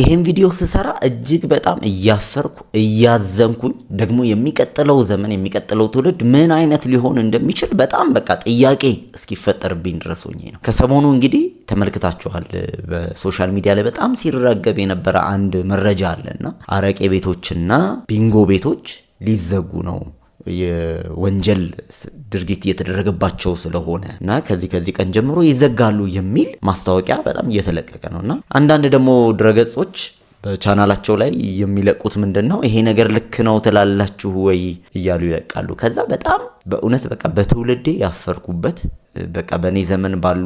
ይሄን ቪዲዮ ስሰራ እጅግ በጣም እያፈርኩ እያዘንኩኝ ደግሞ የሚቀጥለው ዘመን የሚቀጥለው ትውልድ ምን አይነት ሊሆን እንደሚችል በጣም በቃ ጥያቄ እስኪፈጠርብኝ ድረስ ሆኜ ነው። ከሰሞኑ እንግዲህ ተመልክታችኋል፣ በሶሻል ሚዲያ ላይ በጣም ሲረገብ የነበረ አንድ መረጃ አለና አረቄ ቤቶችና ቢንጎ ቤቶች ሊዘጉ ነው የወንጀል ድርጊት እየተደረገባቸው ስለሆነ እና ከዚህ ከዚህ ቀን ጀምሮ ይዘጋሉ የሚል ማስታወቂያ በጣም እየተለቀቀ ነው እና አንዳንድ ደግሞ ድረገጾች በቻናላቸው ላይ የሚለቁት ምንድን ነው? ይሄ ነገር ልክ ነው ትላላችሁ ወይ እያሉ ይለቃሉ። ከዛ በጣም በእውነት በቃ በትውልዴ ያፈርኩበት በቃ በእኔ ዘመን ባሉ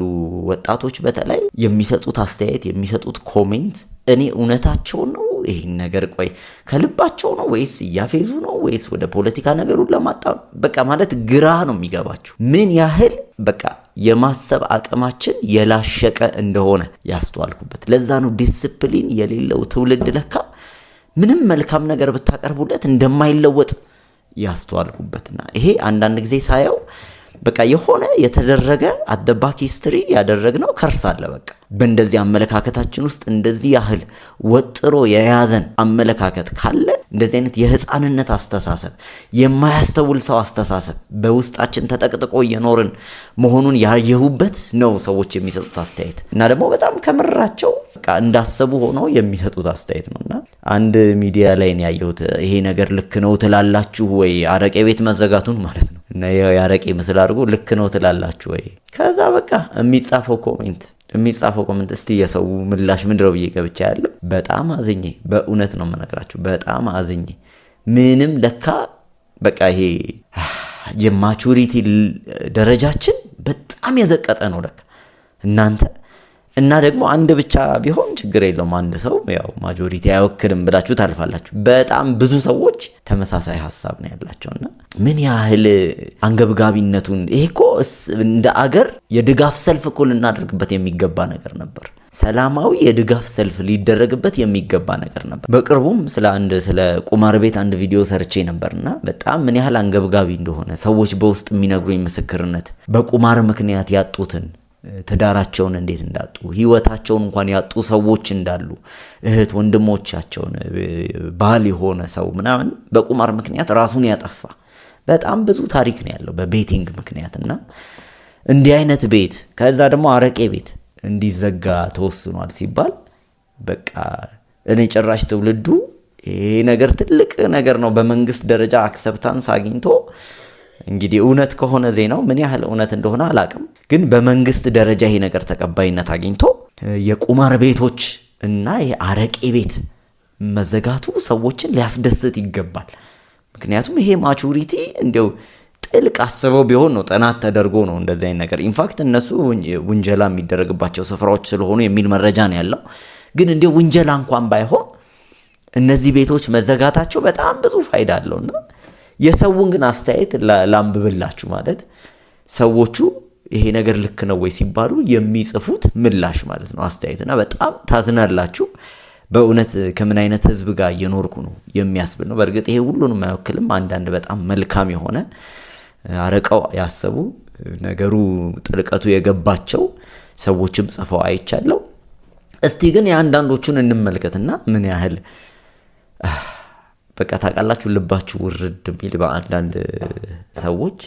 ወጣቶች በተለይ የሚሰጡት አስተያየት የሚሰጡት ኮሜንት እኔ እውነታቸውን ነው ይህን ነገር ቆይ ከልባቸው ነው ወይስ እያፌዙ ነው ወይስ ወደ ፖለቲካ ነገሩን ለማጣ በቃ ማለት ግራ ነው የሚገባችሁ ምን ያህል በቃ የማሰብ አቅማችን የላሸቀ እንደሆነ ያስተዋልኩበት። ለዛ ነው ዲስፕሊን የሌለው ትውልድ ለካ ምንም መልካም ነገር ብታቀርቡለት እንደማይለወጥ ያስተዋልኩበትና ይሄ አንዳንድ ጊዜ ሳየው በቃ የሆነ የተደረገ አደባክ ሂስትሪ ያደረግነው ከርስ አለ። በቃ በእንደዚህ አመለካከታችን ውስጥ እንደዚህ ያህል ወጥሮ የያዘን አመለካከት ካለ እንደዚህ አይነት የህፃንነት አስተሳሰብ፣ የማያስተውል ሰው አስተሳሰብ በውስጣችን ተጠቅጥቆ እየኖርን መሆኑን ያየሁበት ነው ሰዎች የሚሰጡት አስተያየት እና ደግሞ በጣም ከምራቸው በቃ እንዳሰቡ ሆኖ የሚሰጡት አስተያየት ነው እና አንድ ሚዲያ ላይ ያየሁት ይሄ ነገር ልክ ነው ትላላችሁ ወይ አረቄ ቤት መዘጋቱን ማለት ነው እና ያረቄ ምስል አድርጎ ልክ ነው ትላላችሁ ወይ? ከዛ በቃ የሚጻፈው ኮሜንት የሚጻፈው ኮሜንት እስቲ የሰው ምላሽ ምንድረው ብዬ ገብቻ ያለው በጣም አዝኜ፣ በእውነት ነው የምነግራችሁ፣ በጣም አዝኜ ምንም ለካ በቃ ይሄ የማቹሪቲ ደረጃችን በጣም የዘቀጠ ነው ለካ እናንተ እና ደግሞ አንድ ብቻ ቢሆን ችግር የለውም። አንድ ሰው ያው ማጆሪቲ አይወክልም ብላችሁ ታልፋላችሁ። በጣም ብዙ ሰዎች ተመሳሳይ ሀሳብ ነው ያላቸው እና ምን ያህል አንገብጋቢነቱን ይሄ እኮ እንደ አገር የድጋፍ ሰልፍ እኮ ልናደርግበት የሚገባ ነገር ነበር። ሰላማዊ የድጋፍ ሰልፍ ሊደረግበት የሚገባ ነገር ነበር። በቅርቡም ስለ አንድ ስለ ቁማር ቤት አንድ ቪዲዮ ሰርቼ እና በጣም ምን ያህል አንገብጋቢ እንደሆነ ሰዎች በውስጥ የሚነግሩኝ ምስክርነት በቁማር ምክንያት ያጡትን ትዳራቸውን እንዴት እንዳጡ ህይወታቸውን እንኳን ያጡ ሰዎች እንዳሉ እህት ወንድሞቻቸውን ባል የሆነ ሰው ምናምን በቁማር ምክንያት ራሱን ያጠፋ በጣም ብዙ ታሪክ ነው ያለው በቤቲንግ ምክንያት እና እንዲህ አይነት ቤት ከዛ ደግሞ አረቄ ቤት እንዲዘጋ ተወስኗል ሲባል በቃ እኔ ጭራሽ ትውልዱ ይሄ ነገር ትልቅ ነገር ነው በመንግስት ደረጃ አክሰፕታንስ አግኝቶ እንግዲህ እውነት ከሆነ ዜናው ምን ያህል እውነት እንደሆነ አላቅም፣ ግን በመንግስት ደረጃ ይሄ ነገር ተቀባይነት አግኝቶ የቁማር ቤቶች እና የአረቄ ቤት መዘጋቱ ሰዎችን ሊያስደስት ይገባል። ምክንያቱም ይሄ ማቹሪቲ እንዲያው ጥልቅ አስበው ቢሆን ነው ጥናት ተደርጎ ነው እንደዚህ አይነት ነገር ኢንፋክት እነሱ ውንጀላ የሚደረግባቸው ስፍራዎች ስለሆኑ የሚል መረጃ ነው ያለው። ግን እንዲያው ውንጀላ እንኳን ባይሆን እነዚህ ቤቶች መዘጋታቸው በጣም ብዙ ፋይዳ አለውና የሰውን ግን አስተያየት ላንብብላችሁ። ማለት ሰዎቹ ይሄ ነገር ልክ ነው ወይ ሲባሉ የሚጽፉት ምላሽ ማለት ነው አስተያየት። እና በጣም ታዝናላችሁ። በእውነት ከምን አይነት ህዝብ ጋር እየኖርኩ ነው የሚያስብል ነው። በእርግጥ ይሄ ሁሉንም አይወክልም። አንዳንድ በጣም መልካም የሆነ አረቀው ያሰቡ ነገሩ ጥልቀቱ የገባቸው ሰዎችም ጽፈው አይቻለው። እስቲ ግን የአንዳንዶቹን እንመልከትና ምን ያህል በቃ ታውቃላችሁ፣ ልባችሁ ውርድ የሚል በአንዳንድ ሰዎች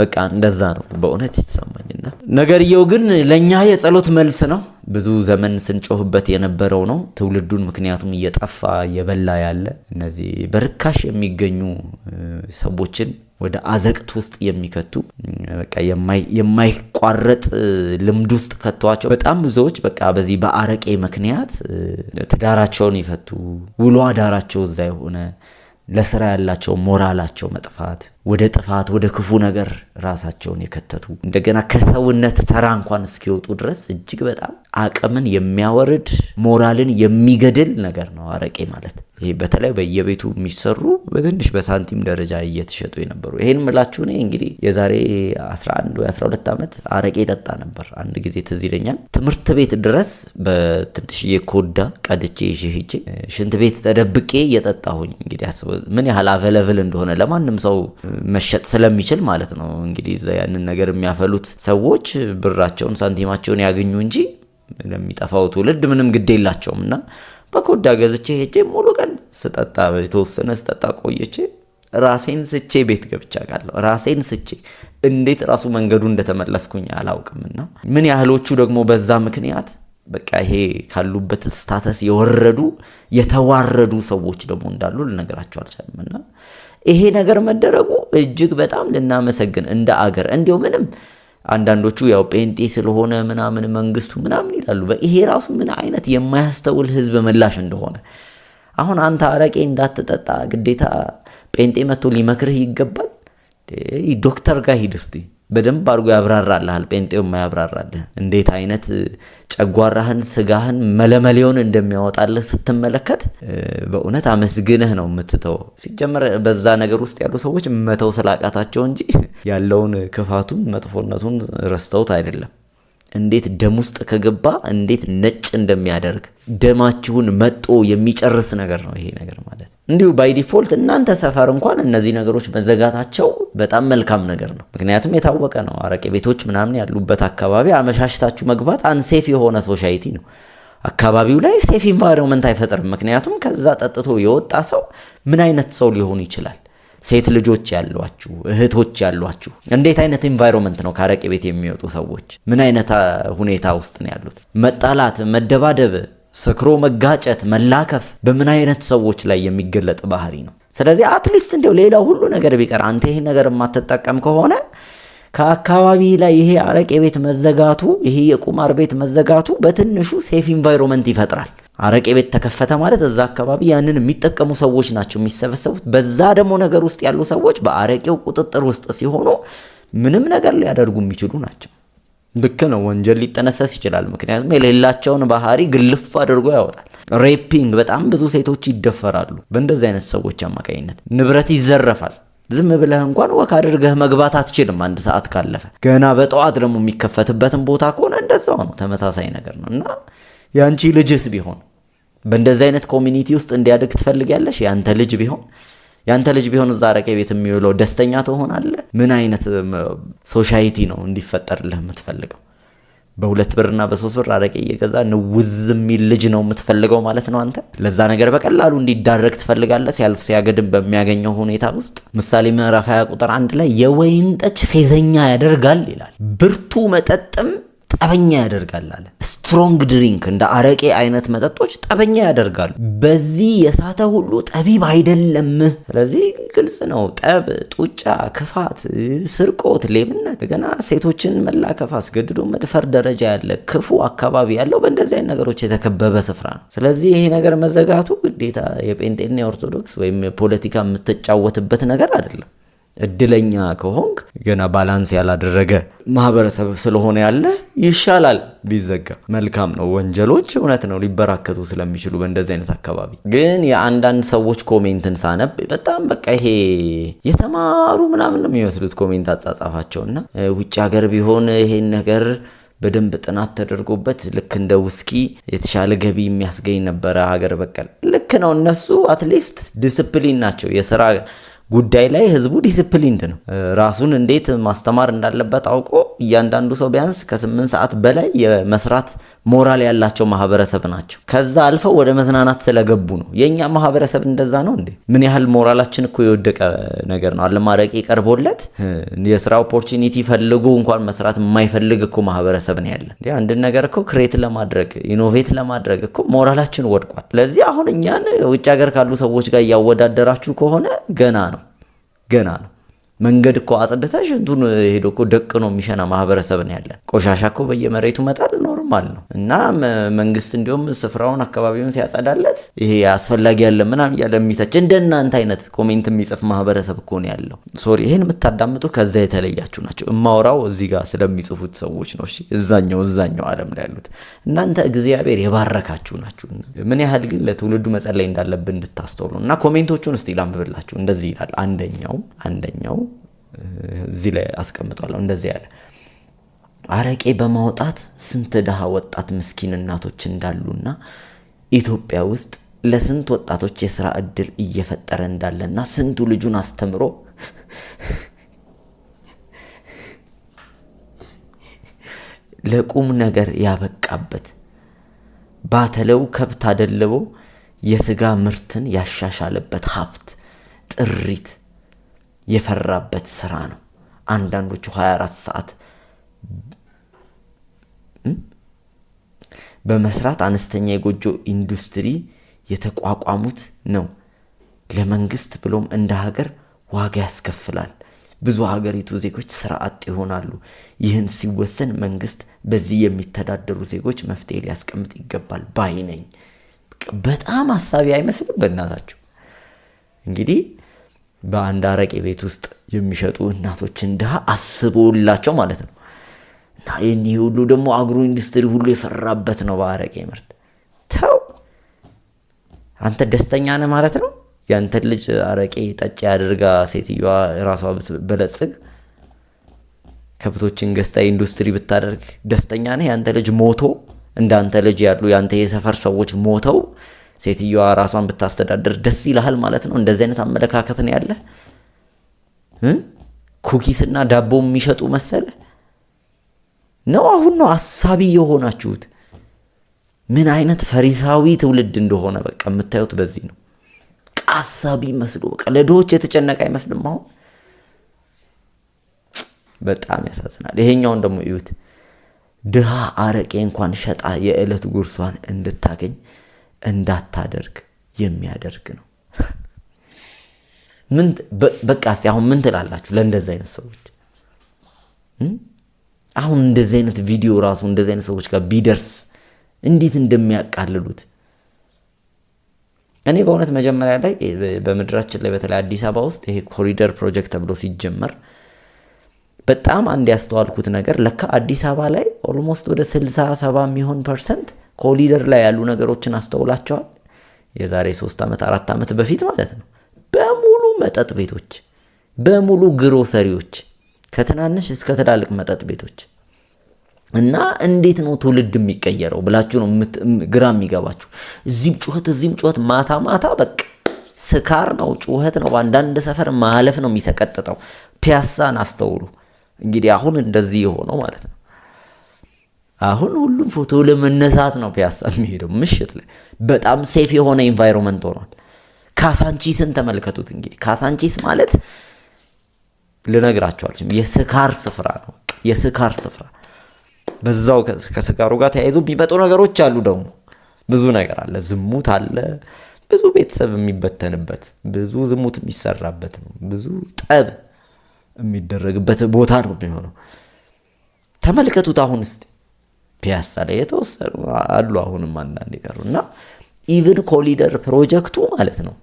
በቃ እንደዛ ነው በእውነት የተሰማኝና፣ ነገርየው ግን ለእኛ የጸሎት መልስ ነው። ብዙ ዘመን ስንጮህበት የነበረው ነው ትውልዱን ምክንያቱም እየጠፋ እየበላ ያለ እነዚህ በርካሽ የሚገኙ ሰዎችን ወደ አዘቅት ውስጥ የሚከቱ በቃ የማይቋረጥ ልምድ ውስጥ ከተዋቸው በጣም ብዙዎች በቃ በዚህ በአረቄ ምክንያት ትዳራቸውን ይፈቱ ውሎ አዳራቸው እዛ የሆነ ለስራ ያላቸው ሞራላቸው መጥፋት፣ ወደ ጥፋት ወደ ክፉ ነገር ራሳቸውን የከተቱ እንደገና ከሰውነት ተራ እንኳን እስኪወጡ ድረስ እጅግ በጣም አቅምን የሚያወርድ ሞራልን የሚገድል ነገር ነው አረቄ ማለት። ይሄ በተለይ በየቤቱ የሚሰሩ በትንሽ በሳንቲም ደረጃ እየተሸጡ የነበሩ ይህን ምላችሁ እኔ እንግዲህ የዛሬ 11 ወይ 12 ዓመት አረቄ ጠጣ ነበር። አንድ ጊዜ ትዝ ይለኛል ትምህርት ቤት ድረስ በትንሽዬ ኮዳ ቀድቼ ይዤ ሽንት ቤት ተደብቄ እየጠጣሁኝ እንግዲህ አስበ ምን ያህል አቨለብል እንደሆነ ለማንም ሰው መሸጥ ስለሚችል ማለት ነው። እንግዲህ ያንን ነገር የሚያፈሉት ሰዎች ብራቸውን ሳንቲማቸውን ያገኙ እንጂ ለሚጠፋው ትውልድ ምንም ግድ የላቸውም እና በኮዳ ገዝቼ ሄጄ ሙሉ ቀን ስጠጣ የተወሰነ ስጠጣ ቆይቼ ራሴን ስቼ ቤት ገብቻ ቃለሁ። ራሴን ስቼ እንዴት ራሱ መንገዱ እንደተመለስኩኝ አላውቅምና ምን ያህሎቹ ደግሞ በዛ ምክንያት በቃ ይሄ ካሉበት ስታተስ የወረዱ የተዋረዱ ሰዎች ደግሞ እንዳሉ ልነግራቸው ና ይሄ ነገር መደረጉ እጅግ በጣም ልናመሰግን እንደ አገር እንዲው ምንም አንዳንዶቹ ያው ጴንጤ ስለሆነ ምናምን መንግስቱ ምናምን ይላሉ። ይሄ ራሱ ምን አይነት የማያስተውል ህዝብ ምላሽ እንደሆነ አሁን አንተ አረቄ እንዳትጠጣ ግዴታ ጴንጤ መጥቶ ሊመክርህ ይገባል? ዶክተር ጋር ሂድ እስቲ። በደንብ አድርጎ ያብራራልሃል። ጴንጤውም ያብራራልህ እንዴት አይነት ጨጓራህን ስጋህን መለመሌውን እንደሚያወጣልህ ስትመለከት በእውነት አመስግንህ ነው የምትተው ሲጀመር በዛ ነገር ውስጥ ያሉ ሰዎች መተው ስላቃታቸው እንጂ ያለውን ክፋቱን መጥፎነቱን ረስተውት አይደለም። እንዴት ደም ውስጥ ከገባ እንዴት ነጭ እንደሚያደርግ ደማችሁን መጦ የሚጨርስ ነገር ነው ይሄ ነገር ማለት። እንዲሁ ባይ ዲፎልት እናንተ ሰፈር እንኳን እነዚህ ነገሮች መዘጋታቸው በጣም መልካም ነገር ነው። ምክንያቱም የታወቀ ነው አረቄ ቤቶች ምናምን ያሉበት አካባቢ አመሻሽታችሁ መግባት አንሴፍ የሆነ ሶሻይቲ ነው። አካባቢው ላይ ሴፍ ኢንቫይሮንመንት አይፈጥርም። ምክንያቱም ከዛ ጠጥቶ የወጣ ሰው ምን አይነት ሰው ሊሆን ይችላል? ሴት ልጆች ያሏችሁ እህቶች ያሏችሁ እንዴት አይነት ኤንቫይሮንመንት ነው ከአረቄ ቤት የሚወጡ ሰዎች? ምን አይነት ሁኔታ ውስጥ ነው ያሉት? መጣላት፣ መደባደብ፣ ሰክሮ መጋጨት፣ መላከፍ በምን አይነት ሰዎች ላይ የሚገለጥ ባህሪ ነው? ስለዚህ አትሊስት እንደው ሌላ ሁሉ ነገር ቢቀር አንተ ይህ ነገር የማትጠቀም ከሆነ ከአካባቢ ላይ ይሄ አረቄ ቤት መዘጋቱ ይሄ የቁማር ቤት መዘጋቱ በትንሹ ሴፍ ኢንቫይሮንመንት ይፈጥራል። አረቄ ቤት ተከፈተ ማለት እዛ አካባቢ ያንን የሚጠቀሙ ሰዎች ናቸው የሚሰበሰቡት። በዛ ደግሞ ነገር ውስጥ ያሉ ሰዎች በአረቄው ቁጥጥር ውስጥ ሲሆኑ ምንም ነገር ሊያደርጉ የሚችሉ ናቸው። ልክ ነው። ወንጀል ሊጠነሰስ ይችላል። ምክንያቱም የሌላቸውን ባህሪ ግልፍ አድርጎ ያወጣል። ሬፒንግ፣ በጣም ብዙ ሴቶች ይደፈራሉ በእንደዚህ አይነት ሰዎች አማካኝነት። ንብረት ይዘረፋል። ዝም ብለህ እንኳን ወክ አድርገህ መግባት አትችልም። አንድ ሰዓት ካለፈ ገና በጠዋት ደግሞ የሚከፈትበትን ቦታ ከሆነ እንደዛው ነው። ተመሳሳይ ነገር ነው እና የአንቺ ልጅስ ቢሆን በእንደዚህ አይነት ኮሚኒቲ ውስጥ እንዲያድግ ትፈልጊያለሽ? ያንተ ልጅ ቢሆን ያንተ ልጅ ቢሆን እዛ አረቄ ቤት የሚውለው ደስተኛ ትሆናለ? ምን አይነት ሶሻይቲ ነው እንዲፈጠርልህ የምትፈልገው? በሁለት ብርና በሶስት ብር አረቄ እየገዛ ንውዝ የሚል ልጅ ነው የምትፈልገው ማለት ነው። አንተ ለዛ ነገር በቀላሉ እንዲዳረግ ትፈልጋለህ። ሲያልፍ ሲያገድም በሚያገኘው ሁኔታ ውስጥ ምሳሌ ምዕራፍ 20 ቁጥር አንድ ላይ የወይን ጠጅ ፌዘኛ ያደርጋል ይላል። ብርቱ መጠጥም ጠበኛ ያደርጋል አለ። ስትሮንግ ድሪንክ እንደ አረቄ አይነት መጠጦች ጠበኛ ያደርጋሉ። በዚህ የሳተ ሁሉ ጠቢብ አይደለም። ስለዚህ ግልጽ ነው። ጠብ፣ ጡጫ፣ ክፋት፣ ስርቆት፣ ሌብነት፣ ገና ሴቶችን መላከፍ፣ አስገድዶ መድፈር ደረጃ ያለ ክፉ አካባቢ ያለው በእንደዚህ አይነት ነገሮች የተከበበ ስፍራ ነው። ስለዚህ ይሄ ነገር መዘጋቱ ግዴታ የጴንጤና የኦርቶዶክስ ወይም የፖለቲካ የምትጫወትበት ነገር አይደለም። እድለኛ ከሆንክ ገና ባላንስ ያላደረገ ማህበረሰብ ስለሆነ ያለ ይሻላል ቢዘጋ መልካም ነው። ወንጀሎች እውነት ነው ሊበራከቱ ስለሚችሉ በእንደዚህ አይነት አካባቢ ግን የአንዳንድ ሰዎች ኮሜንትን ሳነብ በጣም በቃ ይሄ የተማሩ ምናምን ነው የሚመስሉት ኮሜንት አጻጻፋቸው እና ውጭ ሀገር ቢሆን ይሄን ነገር በደንብ ጥናት ተደርጎበት ልክ እንደ ውስኪ የተሻለ ገቢ የሚያስገኝ ነበረ ሀገር በቀል። ልክ ነው እነሱ አትሊስት ዲስፕሊን ናቸው የስራ ጉዳይ ላይ ህዝቡ ዲስፕሊንድ ነው። ራሱን እንዴት ማስተማር እንዳለበት አውቆ እያንዳንዱ ሰው ቢያንስ ከስምንት ሰዓት በላይ የመስራት ሞራል ያላቸው ማህበረሰብ ናቸው። ከዛ አልፈው ወደ መዝናናት ስለገቡ ነው። የእኛ ማህበረሰብ እንደዛ ነው እንዴ? ምን ያህል ሞራላችን እኮ የወደቀ ነገር ነው። አለማረቂ ቀርቦለት የስራ ኦፖርቹኒቲ ፈልጉ እንኳን መስራት የማይፈልግ እኮ ማህበረሰብ ነው ያለን። አንድን ነገር እኮ ክሬት ለማድረግ ኢኖቬት ለማድረግ እኮ ሞራላችን ወድቋል። ለዚህ አሁን እኛን ውጭ ሀገር ካሉ ሰዎች ጋር እያወዳደራችሁ ከሆነ ገና ነው። ገና ነው። መንገድ እኮ አጽድተሽ ሽንቱን ሄዶ እኮ ደቅ ነው የሚሸና ማህበረሰብ ነው ያለን። ቆሻሻ እኮ በየመሬቱ መጣል ኖርማል ነው እና መንግስት እንዲሁም ስፍራውን አካባቢውን ሲያጸዳለት ይሄ አስፈላጊ ያለ ምናም እያለ የሚተች እንደ አይነት ኮሜንት የሚጽፍ ማህበረሰብ እኮ ነው ያለው። ሶሪ ይህን የምታዳምጡ ከዛ የተለያችሁ ናቸው። እማውራው እዚህ ጋር ስለሚጽፉት ሰዎች ነው። እዛኛው እዛኛው አለም ላይ ያሉት እናንተ እግዚአብሔር የባረካችሁ ናችሁ። ምን ያህል ግን ለትውልዱ መጸለይ እንዳለብን እንድታስተውሉ እና ኮሜንቶቹን እስቲ ላንብብላችሁ። እንደዚህ ይላል አንደኛው አንደኛው እዚህ ላይ አስቀምጧለሁ። እንደዚህ ያለ አረቄ በማውጣት ስንት ድሃ ወጣት ምስኪን እናቶች እንዳሉና ኢትዮጵያ ውስጥ ለስንት ወጣቶች የስራ እድል እየፈጠረ እንዳለና ስንቱ ልጁን አስተምሮ ለቁም ነገር ያበቃበት ባተለው ከብት አደለበው የስጋ ምርትን ያሻሻለበት ሀብት ጥሪት የፈራበት ስራ ነው። አንዳንዶቹ 24 ሰዓት በመስራት አነስተኛ የጎጆ ኢንዱስትሪ የተቋቋሙት ነው። ለመንግስት ብሎም እንደ ሀገር ዋጋ ያስከፍላል። ብዙ ሀገሪቱ ዜጎች ስራ አጥ ይሆናሉ። ይህን ሲወሰን መንግስት በዚህ የሚተዳደሩ ዜጎች መፍትሄ ሊያስቀምጥ ይገባል ባይ ነኝ። በጣም አሳቢ አይመስልም? በእናታችሁ እንግዲህ በአንድ አረቄ ቤት ውስጥ የሚሸጡ እናቶችን ድሃ አስቦላቸው ማለት ነው። እና ይህ ሁሉ ደግሞ አግሮ ኢንዱስትሪ ሁሉ የፈራበት ነው። በአረቄ ምርት ተው አንተ ደስተኛ ነህ ማለት ነው። ያንተን ልጅ አረቄ ጠጪ አድርጋ ሴትዮዋ ራሷ ብትበለጽግ ከብቶችን ገዝታ ኢንዱስትሪ ብታደርግ ደስተኛ ነህ? ያንተ ልጅ ሞቶ እንዳንተ ልጅ ያሉ ያንተ የሰፈር ሰዎች ሞተው ሴትዮዋ ራሷን ብታስተዳድር ደስ ይልሃል ማለት ነው። እንደዚህ አይነት አመለካከት ነው ያለ። ኩኪስና ዳቦ የሚሸጡ መሰለ ነው። አሁን ነው አሳቢ የሆናችሁት። ምን አይነት ፈሪሳዊ ትውልድ እንደሆነ በቃ የምታዩት በዚህ ነው። አሳቢ መስሎ በቃ ለድሆች የተጨነቀ አይመስልም። አሁን በጣም ያሳዝናል። ይሄኛውን ደግሞ እዩት። ድሃ አረቄ እንኳን ሸጣ የዕለት ጉርሷን እንድታገኝ እንዳታደርግ የሚያደርግ ነው። በቃ አሁን ምን ትላላችሁ ለእንደዚህ አይነት ሰዎች? አሁን እንደዚህ አይነት ቪዲዮ ራሱ እንደዚህ አይነት ሰዎች ጋር ቢደርስ እንዴት እንደሚያቃልሉት እኔ በእውነት መጀመሪያ ላይ በምድራችን ላይ በተለይ አዲስ አበባ ውስጥ ይሄ ኮሪደር ፕሮጀክት ተብሎ ሲጀመር በጣም አንድ ያስተዋልኩት ነገር ለካ አዲስ አበባ ላይ ኦልሞስት ወደ 60 70 የሚሆን ፐርሰንት ኮሊደር ላይ ያሉ ነገሮችን አስተውላቸዋል። የዛሬ 3 ዓመት 4 ዓመት በፊት ማለት ነው። በሙሉ መጠጥ ቤቶች፣ በሙሉ ግሮሰሪዎች፣ ከትናንሽ እስከ ትላልቅ መጠጥ ቤቶች እና እንዴት ነው ትውልድ የሚቀየረው ብላችሁ ነው ግራ የሚገባችሁ። እዚህም ጩኸት፣ እዚህም ጩኸት፣ ማታ ማታ በቃ ስካር ነው ጩኸት ነው። በአንዳንድ ሰፈር ማለፍ ነው የሚሰቀጥጠው። ፒያሳን አስተውሉ። እንግዲህ አሁን እንደዚህ የሆነው ማለት ነው። አሁን ሁሉም ፎቶ ለመነሳት ነው ፒያሳ የሚሄደው ምሽት ላይ። በጣም ሴፍ የሆነ ኢንቫይሮንመንት ሆኗል። ካሳንቺስን ተመልከቱት። እንግዲህ ካሳንቺስ ማለት ልነግራቸው የስካር ስፍራ ነው። የስካር ስፍራ በዛው ከስካሩ ጋር ተያይዞ የሚመጡ ነገሮች አሉ። ደግሞ ብዙ ነገር አለ። ዝሙት አለ። ብዙ ቤተሰብ የሚበተንበት ብዙ ዝሙት የሚሰራበት ነው። ብዙ ጠብ የሚደረግበት ቦታ ነው የሚሆነው። ተመልከቱት። አሁን እስቲ ፒያሳ ላይ የተወሰኑ አሉ፣ አሁንም አንዳንድ ይቀሩ እና ኢቭን ኮሊደር ፕሮጀክቱ ማለት ነው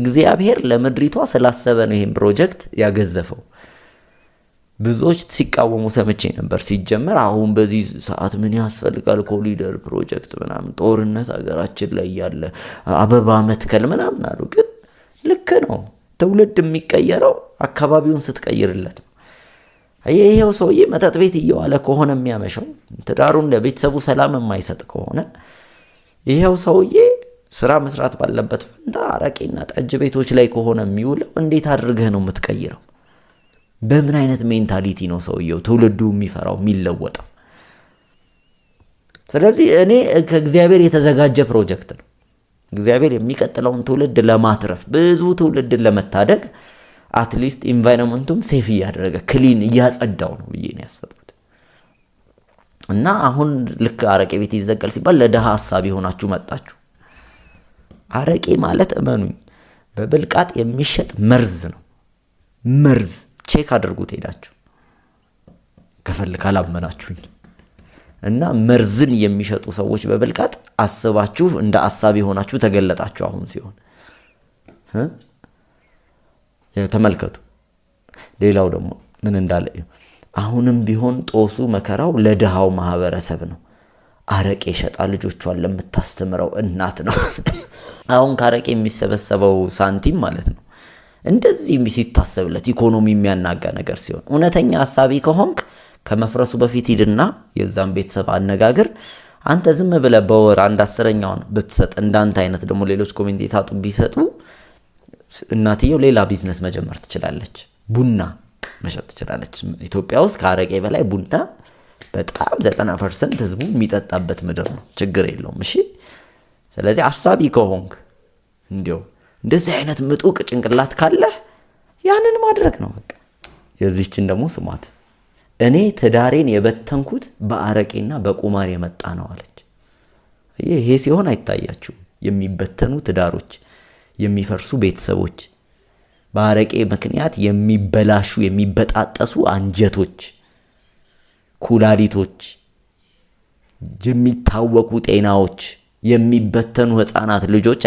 እግዚአብሔር ለምድሪቷ ስላሰበ ነው ይህም ፕሮጀክት ያገዘፈው። ብዙዎች ሲቃወሙ ሰምቼ ነበር። ሲጀመር አሁን በዚህ ሰዓት ምን ያስፈልጋል ኮሊደር ፕሮጀክት ምናምን፣ ጦርነት ሀገራችን ላይ ያለ አበባ መትከል ምናምን አሉ። ግን ልክ ነው። ትውልድ የሚቀየረው አካባቢውን ስትቀይርለት ነው። ይሄው ሰውዬ መጠጥ ቤት እየዋለ ከሆነ የሚያመሸው ትዳሩን ለቤተሰቡ ሰላም የማይሰጥ ከሆነ ይሄው ሰውዬ ስራ መስራት ባለበት ፈንታ አረቄና ጠጅ ቤቶች ላይ ከሆነ የሚውለው እንዴት አድርገህ ነው የምትቀይረው? በምን አይነት ሜንታሊቲ ነው ሰውየው ትውልዱ የሚፈራው የሚለወጠው? ስለዚህ እኔ ከእግዚአብሔር የተዘጋጀ ፕሮጀክት ነው። እግዚአብሔር የሚቀጥለውን ትውልድ ለማትረፍ ብዙ ትውልድን ለመታደግ አትሊስት ኢንቫይሮንመንቱም ሴፍ እያደረገ ክሊን እያጸዳው ነው ብዬ ነው ያሰብኩት። እና አሁን ልክ አረቄ ቤት ይዘቀል ሲባል ለድሃ ሀሳብ የሆናችሁ መጣችሁ። አረቄ ማለት እመኑኝ በብልቃጥ የሚሸጥ መርዝ ነው። መርዝ ቼክ አድርጉት ሄዳችሁ ከፈልግ አላመናችሁኝ። እና መርዝን የሚሸጡ ሰዎች በብልቃጥ አስባችሁ እንደ አሳቢ ሆናችሁ ተገለጣችሁ። አሁን ሲሆን ተመልከቱ። ሌላው ደግሞ ምን እንዳለ አሁንም ቢሆን ጦሱ መከራው ለድሃው ማህበረሰብ ነው። አረቄ ሸጣ ልጆቿን ለምታስተምረው እናት ነው። አሁን ከአረቄ የሚሰበሰበው ሳንቲም ማለት ነው። እንደዚህ ሲታሰብለት ኢኮኖሚ የሚያናጋ ነገር ሲሆን እውነተኛ አሳቢ ከሆንክ ከመፍረሱ በፊት ሂድና የዛን ቤተሰብ አነጋግር። አንተ ዝም ብለ በወር አንድ አስረኛውን ብትሰጥ እንዳንተ አይነት ደግሞ ሌሎች ኮሚኒቲ ሳጡ ቢሰጡ እናትየው ሌላ ቢዝነስ መጀመር ትችላለች። ቡና መሸጥ ትችላለች። ኢትዮጵያ ውስጥ ከአረቄ በላይ ቡና በጣም 90 ፐርሰንት ህዝቡ የሚጠጣበት ምድር ነው። ችግር የለውም። እሺ፣ ስለዚህ አሳቢ ከሆንክ እንዲው እንደዚህ አይነት ምጡቅ ጭንቅላት ካለህ ያንን ማድረግ ነው። በቃ የዚህችን ደግሞ ስሟት። እኔ ትዳሬን የበተንኩት በአረቄና በቁማር የመጣ ነው አለች። ይሄ ሲሆን አይታያችሁም? የሚበተኑ ትዳሮች፣ የሚፈርሱ ቤተሰቦች፣ በአረቄ ምክንያት የሚበላሹ የሚበጣጠሱ አንጀቶች፣ ኩላሊቶች፣ የሚታወቁ ጤናዎች፣ የሚበተኑ ህፃናት ልጆች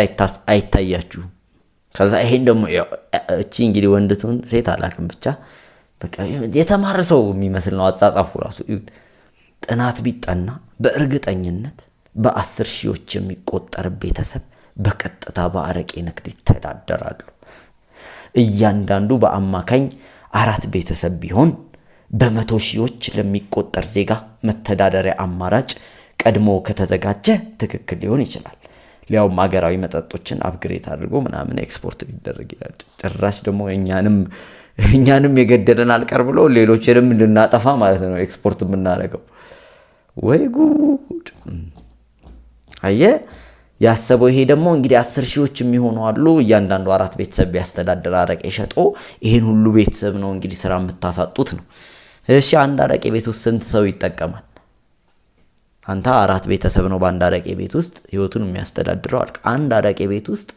አይታያችሁም? ከዛ ይሄን ደግሞ እቺ እንግዲህ ወንድቱን ሴት አላክም ብቻ የተማረ ሰው የሚመስል ነው አጻጻፉ ራሱ። ጥናት ቢጠና በእርግጠኝነት በአስር ሺዎች የሚቆጠር ቤተሰብ በቀጥታ በአረቄ ንግድ ይተዳደራሉ። እያንዳንዱ በአማካኝ አራት ቤተሰብ ቢሆን በመቶ ሺዎች ለሚቆጠር ዜጋ መተዳደሪያ አማራጭ ቀድሞ ከተዘጋጀ ትክክል ሊሆን ይችላል። ሊያውም ሀገራዊ መጠጦችን አፕግሬት አድርጎ ምናምን ኤክስፖርት ሊደረግ ይላል። ጭራሽ ደግሞ እኛንም እኛንም የገደለን አልቀር ብሎ ሌሎችንም እንድናጠፋ ማለት ነው ኤክስፖርት የምናደርገው። ወይ ጉድ! አየ ያሰበው ይሄ ደግሞ እንግዲህ አስር ሺዎች የሚሆኑ አሉ። እያንዳንዱ አራት ቤተሰብ ቢያስተዳድር አረቄ ሸጦ ይህን ሁሉ ቤተሰብ ነው እንግዲህ ስራ የምታሳጡት ነው። እሺ አንድ አረቄ ቤት ውስጥ ስንት ሰው ይጠቀማል? አንተ አራት ቤተሰብ ነው በአንድ አረቄ ቤት ውስጥ ህይወቱን የሚያስተዳድረው። አንድ አረቄ ቤት ውስጥ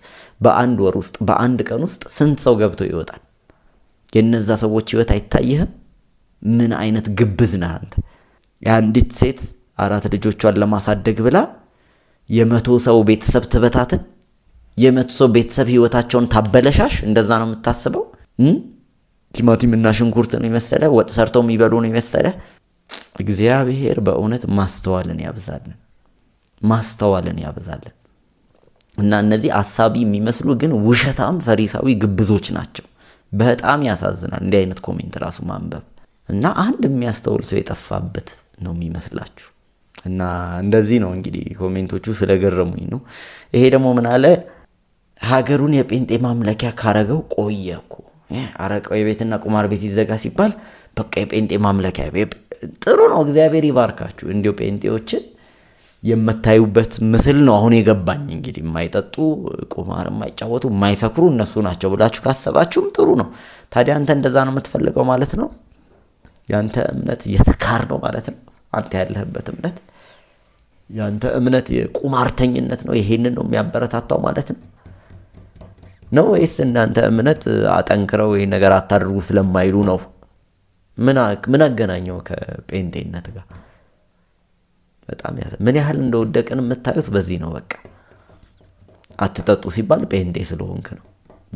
በአንድ ወር ውስጥ በአንድ ቀን ውስጥ ስንት ሰው ገብቶ ይወጣል? የእነዛ ሰዎች ህይወት አይታይህም? ምን አይነት ግብዝ ነህ አንተ? የአንዲት ሴት አራት ልጆቿን ለማሳደግ ብላ የመቶ ሰው ቤተሰብ ትበታትን፣ የመቶ ሰው ቤተሰብ ህይወታቸውን ታበለሻሽ። እንደዛ ነው የምታስበው? እና ሽንኩርት ነው የመሰለ ወጥ ሰርተው የሚበሉ ነው የመሰለ። እግዚአብሔር በእውነት ማስተዋልን ያብዛልን፣ ማስተዋልን ያብዛልን። እና እነዚህ አሳቢ የሚመስሉ ግን ውሸታም ፈሪሳዊ ግብዞች ናቸው። በጣም ያሳዝናል። እንዲህ አይነት ኮሜንት ራሱ ማንበብ እና አንድ የሚያስተውል ሰው የጠፋበት ነው የሚመስላችሁ። እና እንደዚህ ነው እንግዲህ ኮሜንቶቹ ስለገረሙኝ ነው። ይሄ ደግሞ ምን አለ ሀገሩን የጴንጤ ማምለኪያ ካረገው ቆየ እኮ አረቃዊ ቤትና ቁማር ቤት ይዘጋ ሲባል በቃ የጴንጤ ማምለኪያ ጥሩ ነው። እግዚአብሔር ይባርካችሁ እንዲሁ ጴንጤዎችን የምታዩበት ምስል ነው። አሁን የገባኝ እንግዲህ የማይጠጡ ቁማር የማይጫወቱ የማይሰክሩ እነሱ ናቸው ብላችሁ ካሰባችሁም ጥሩ ነው። ታዲያ አንተ እንደዛ ነው የምትፈልገው ማለት ነው። ያንተ እምነት የስካር ነው ማለት ነው። አንተ ያለህበት እምነት ያንተ እምነት የቁማርተኝነት ነው። ይሄንን ነው የሚያበረታታው ማለት ነው ነው ወይስ እናንተ እምነት አጠንክረው ይሄ ነገር አታድርጉ ስለማይሉ ነው? ምን አገናኘው ከጴንጤነት ጋር? በጣም ምን ያህል እንደወደቅን የምታዩት በዚህ ነው። በቃ አትጠጡ ሲባል ጴንጤ ስለሆንክ ነው።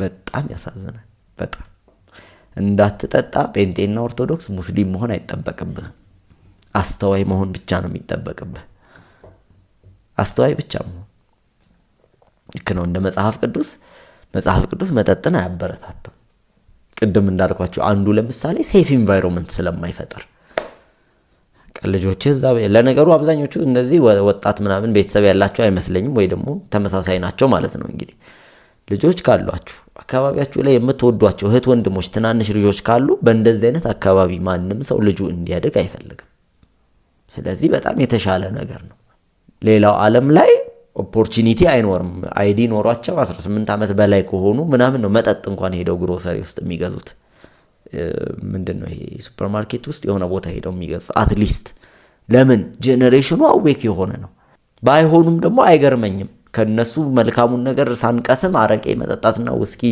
በጣም ያሳዝናል። በጣም እንዳትጠጣ ጴንጤና ኦርቶዶክስ ሙስሊም መሆን አይጠበቅብህ። አስተዋይ መሆን ብቻ ነው የሚጠበቅብህ። አስተዋይ ብቻ መሆን ልክ ነው። እንደ መጽሐፍ ቅዱስ መጽሐፍ ቅዱስ መጠጥን አያበረታታም። ቅድም እንዳልኳቸው አንዱ ለምሳሌ ሴፍ ኢንቫይሮንመንት ስለማይፈጠር ልጆች እዛ ለነገሩ አብዛኞቹ እነዚህ ወጣት ምናምን ቤተሰብ ያላቸው አይመስለኝም፣ ወይ ደግሞ ተመሳሳይ ናቸው ማለት ነው። እንግዲህ ልጆች ካሏችሁ አካባቢያችሁ ላይ የምትወዷቸው እህት ወንድሞች፣ ትናንሽ ልጆች ካሉ በእንደዚህ አይነት አካባቢ ማንም ሰው ልጁ እንዲያድግ አይፈልግም። ስለዚህ በጣም የተሻለ ነገር ነው። ሌላው ዓለም ላይ ኦፖርቹኒቲ አይኖርም። አይዲ ኖሯቸው 18 ዓመት በላይ ከሆኑ ምናምን ነው መጠጥ እንኳን ሄደው ግሮሰሪ ውስጥ የሚገዙት። ምንድን ነው ይሄ ሱፐርማርኬት ውስጥ የሆነ ቦታ ሄደው የሚገዙት አትሊስት ለምን ጄኔሬሽኑ አዌክ የሆነ ነው። ባይሆኑም ደግሞ አይገርመኝም። ከነሱ መልካሙን ነገር ሳንቀስም አረቄ መጠጣትና ውስኪ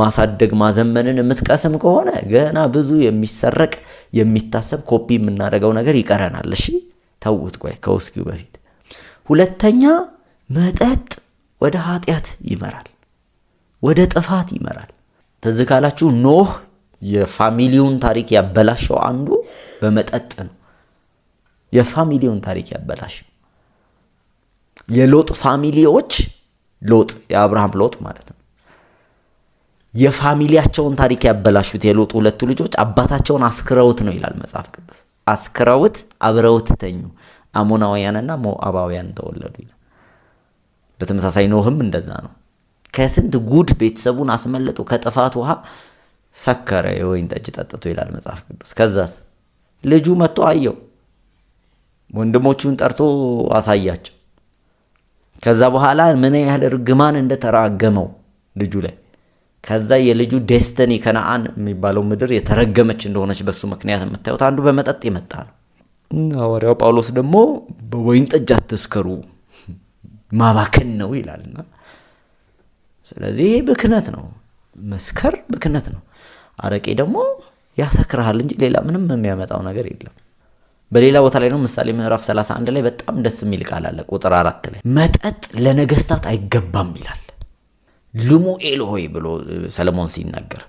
ማሳደግ ማዘመንን የምትቀስም ከሆነ ገና ብዙ የሚሰረቅ የሚታሰብ ኮፒ የምናደርገው ነገር ይቀረናል። እሺ ተውት፣ ቆይ ከውስኪው በፊት ሁለተኛ መጠጥ ወደ ኃጢአት ይመራል፣ ወደ ጥፋት ይመራል። ትዝ ካላችሁ ኖህ የፋሚሊውን ታሪክ ያበላሸው አንዱ በመጠጥ ነው። የፋሚሊውን ታሪክ ያበላሸው የሎጥ ፋሚሊዎች ሎጥ የአብርሃም ሎጥ ማለት ነው። የፋሚሊያቸውን ታሪክ ያበላሹት የሎጥ ሁለቱ ልጆች አባታቸውን አስክረውት ነው ይላል መጽሐፍ ቅዱስ። አስክረውት አብረውት ተኙ፣ አሞናውያንና ሞአባውያን ተወለዱ ይላል። በተመሳሳይ ኖህም እንደዛ ነው። ከስንት ጉድ ቤተሰቡን አስመለጡ ከጥፋት ውሃ ሰከረ፣ የወይን ጠጅ ጠጥቶ ይላል መጽሐፍ ቅዱስ። ከዛስ ልጁ መጥቶ አየው፣ ወንድሞቹን ጠርቶ አሳያቸው። ከዛ በኋላ ምን ያህል እርግማን እንደተራገመው ልጁ ላይ ከዛ የልጁ ዴስተኒ ከነአን የሚባለው ምድር የተረገመች እንደሆነች በሱ ምክንያት የምታዩት አንዱ በመጠጥ የመጣ ነው። ሐዋርያው ጳውሎስ ደግሞ በወይን ጠጅ አትስከሩ ማባከን ነው ይላልና፣ ስለዚህ ብክነት ነው መስከር፣ ብክነት ነው። አረቄ ደግሞ ያሰክርሃል እንጂ ሌላ ምንም የሚያመጣው ነገር የለም። በሌላ ቦታ ላይ ነው ምሳሌ ምዕራፍ 31 ላይ በጣም ደስ የሚል ቃል አለ። ቁጥር አራት ላይ መጠጥ ለነገስታት አይገባም ይላል። ልሙ ሆይ ብሎ ሰለሞን ሲናገር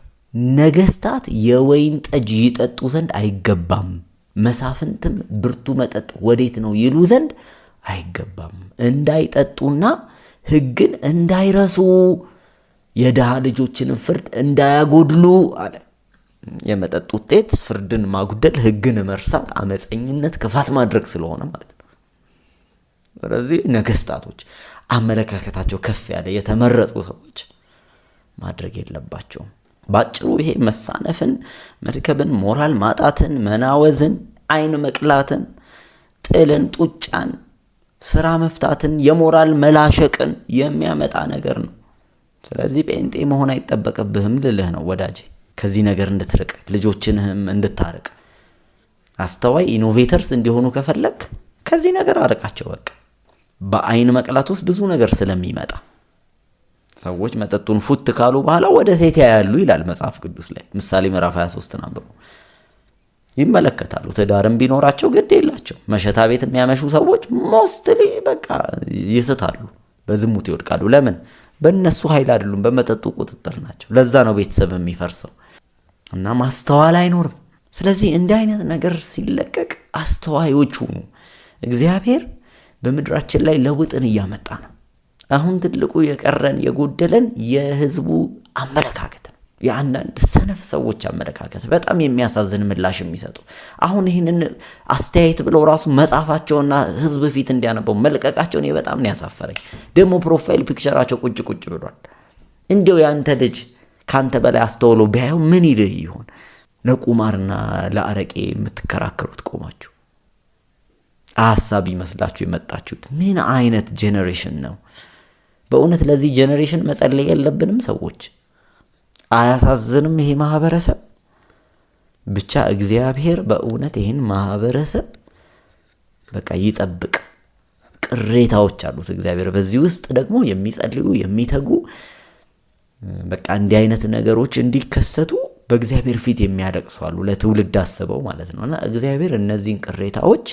ነገስታት የወይን ጠጅ ይጠጡ ዘንድ አይገባም፣ መሳፍንትም ብርቱ መጠጥ ወዴት ነው ይሉ ዘንድ አይገባም፣ እንዳይጠጡና ሕግን እንዳይረሱ የድሃ ልጆችንም ፍርድ እንዳያጎድሉ አለ። የመጠጥ ውጤት ፍርድን ማጉደል፣ ህግን መርሳት፣ አመፀኝነት፣ ክፋት ማድረግ ስለሆነ ማለት ነው። ስለዚህ ነገስታቶች አመለካከታቸው ከፍ ያለ የተመረጡ ሰዎች ማድረግ የለባቸውም። በአጭሩ ይሄ መሳነፍን፣ መድከብን፣ ሞራል ማጣትን፣ መናወዝን፣ አይን መቅላትን፣ ጥልን፣ ጡጫን፣ ስራ መፍታትን፣ የሞራል መላሸቅን የሚያመጣ ነገር ነው። ስለዚህ ጴንጤ መሆን አይጠበቅብህም ልልህ ነው ወዳጄ፣ ከዚህ ነገር እንድትርቅ ልጆችንህም እንድታርቅ አስተዋይ ኢኖቬተርስ እንዲሆኑ ከፈለግ ከዚህ ነገር አርቃቸው። በቃ በአይን መቅላት ውስጥ ብዙ ነገር ስለሚመጣ ሰዎች መጠጡን ፉት ካሉ በኋላ ወደ ሴት ያያሉ ይላል መጽሐፍ ቅዱስ ላይ ምሳሌ ምዕራፍ 23 አንብቡ። ይመለከታሉ። ትዳርም ቢኖራቸው ግድ የላቸው። መሸታ ቤት የሚያመሹ ሰዎች ሞስትሊ በቃ ይስታሉ፣ በዝሙት ይወድቃሉ። ለምን? በእነሱ ኃይል አይደሉም፣ በመጠጡ ቁጥጥር ናቸው። ለዛ ነው ቤተሰብ የሚፈርሰው እና ማስተዋል አይኖርም። ስለዚህ እንዲህ አይነት ነገር ሲለቀቅ አስተዋዮች ሁኑ። እግዚአብሔር በምድራችን ላይ ለውጥን እያመጣ ነው። አሁን ትልቁ የቀረን የጎደለን የህዝቡ አመለካከት የአንዳንድ ሰነፍ ሰዎች አመለካከት በጣም የሚያሳዝን ምላሽ የሚሰጡ አሁን ይህንን አስተያየት ብለው ራሱ መጻፋቸውና ህዝብ ፊት እንዲያነበው መልቀቃቸውን በጣም ነው ያሳፈረኝ። ደግሞ ፕሮፋይል ፒክቸራቸው ቁጭ ቁጭ ብሏል። እንዲው የአንተ ልጅ ከአንተ በላይ አስተውሎ ቢያየው ምን ይልህ ይሆን? ለቁማርና ለአረቄ የምትከራከሩት ቆማችሁ ሀሳብ ይመስላችሁ የመጣችሁት ምን አይነት ጄኔሬሽን ነው? በእውነት ለዚህ ጄኔሬሽን መጸለይ የለብንም ሰዎች አያሳዝንም? ይሄ ማህበረሰብ ብቻ እግዚአብሔር በእውነት ይህን ማህበረሰብ በቃ ይጠብቅ። ቅሬታዎች አሉት እግዚአብሔር። በዚህ ውስጥ ደግሞ የሚጸልዩ የሚተጉ በቃ እንዲህ አይነት ነገሮች እንዲከሰቱ በእግዚአብሔር ፊት የሚያለቅሱ አሉ። ለትውልድ አስበው ማለት ነው። እና እግዚአብሔር እነዚህን ቅሬታዎች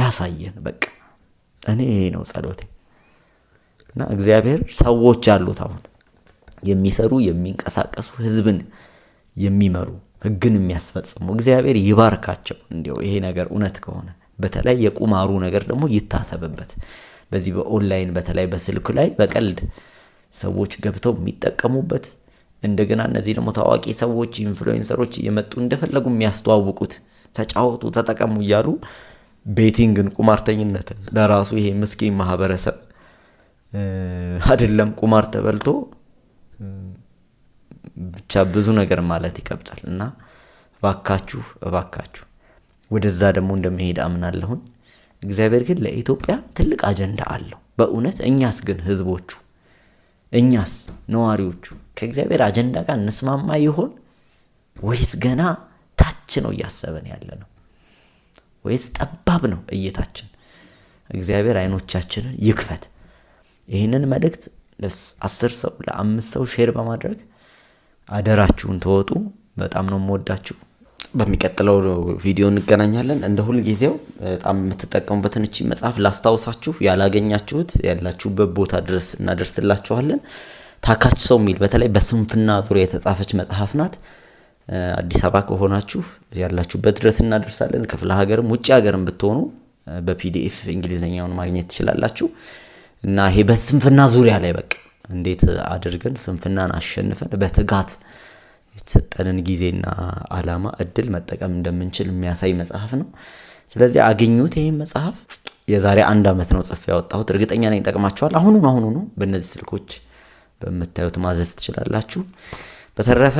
ያሳየን። በቃ እኔ ይሄ ነው ጸሎቴ። እና እግዚአብሔር ሰዎች አሉት አሁን የሚሰሩ የሚንቀሳቀሱ፣ ህዝብን የሚመሩ፣ ህግን የሚያስፈጽሙ እግዚአብሔር ይባርካቸው። እንዲያው ይሄ ነገር እውነት ከሆነ በተለይ የቁማሩ ነገር ደግሞ ይታሰብበት። በዚህ በኦንላይን በተለይ በስልክ ላይ በቀልድ ሰዎች ገብተው የሚጠቀሙበት እንደገና እነዚህ ደግሞ ታዋቂ ሰዎች ኢንፍሉዌንሰሮች እየመጡ እንደፈለጉ የሚያስተዋውቁት ተጫወቱ፣ ተጠቀሙ እያሉ ቤቲንግን፣ ቁማርተኝነትን ለራሱ ይሄ ምስኪን ማህበረሰብ አይደለም ቁማር ተበልቶ ብቻ ብዙ ነገር ማለት ይቀብጣል እና እባካችሁ እባካችሁ ወደዛ ደግሞ እንደመሄድ አምናለሁኝ። እግዚአብሔር ግን ለኢትዮጵያ ትልቅ አጀንዳ አለው በእውነት እኛስ ግን ህዝቦቹ እኛስ ነዋሪዎቹ ከእግዚአብሔር አጀንዳ ጋር እንስማማ ይሆን ወይስ ገና ታች ነው እያሰበን ያለ ነው? ወይስ ጠባብ ነው እይታችን? እግዚአብሔር አይኖቻችንን ይክፈት። ይህንን መልእክት ለአስር ሰው ለአምስት ሰው ሼር በማድረግ አደራችሁን ተወጡ። በጣም ነው የምወዳችሁ። በሚቀጥለው ቪዲዮ እንገናኛለን። እንደ ሁል ጊዜው በጣም የምትጠቀሙበትን እቺ መጽሐፍ ላስታውሳችሁ፣ ያላገኛችሁት ያላችሁበት ቦታ ድረስ እናደርስላችኋለን። ታካች ሰው የሚል በተለይ በስንፍና ዙሪያ የተጻፈች መጽሐፍ ናት። አዲስ አበባ ከሆናችሁ ያላችሁበት ድረስ እናደርሳለን። ክፍለ ሀገርም ውጭ ሀገርም ብትሆኑ በፒዲኤፍ እንግሊዝኛውን ማግኘት ትችላላችሁ። እና ይሄ በስንፍና ዙሪያ ላይ በቃ እንዴት አድርገን ስንፍናን አሸንፈን በትጋት የተሰጠንን ጊዜና አላማ እድል መጠቀም እንደምንችል የሚያሳይ መጽሐፍ ነው። ስለዚህ አገኙት ይህም መጽሐፍ የዛሬ አንድ ዓመት ነው ጽፌ ያወጣሁት። እርግጠኛ ነኝ ይጠቅማችኋል። አሁኑን አሁኑኑ በእነዚህ ስልኮች በምታዩት ማዘዝ ትችላላችሁ። በተረፈ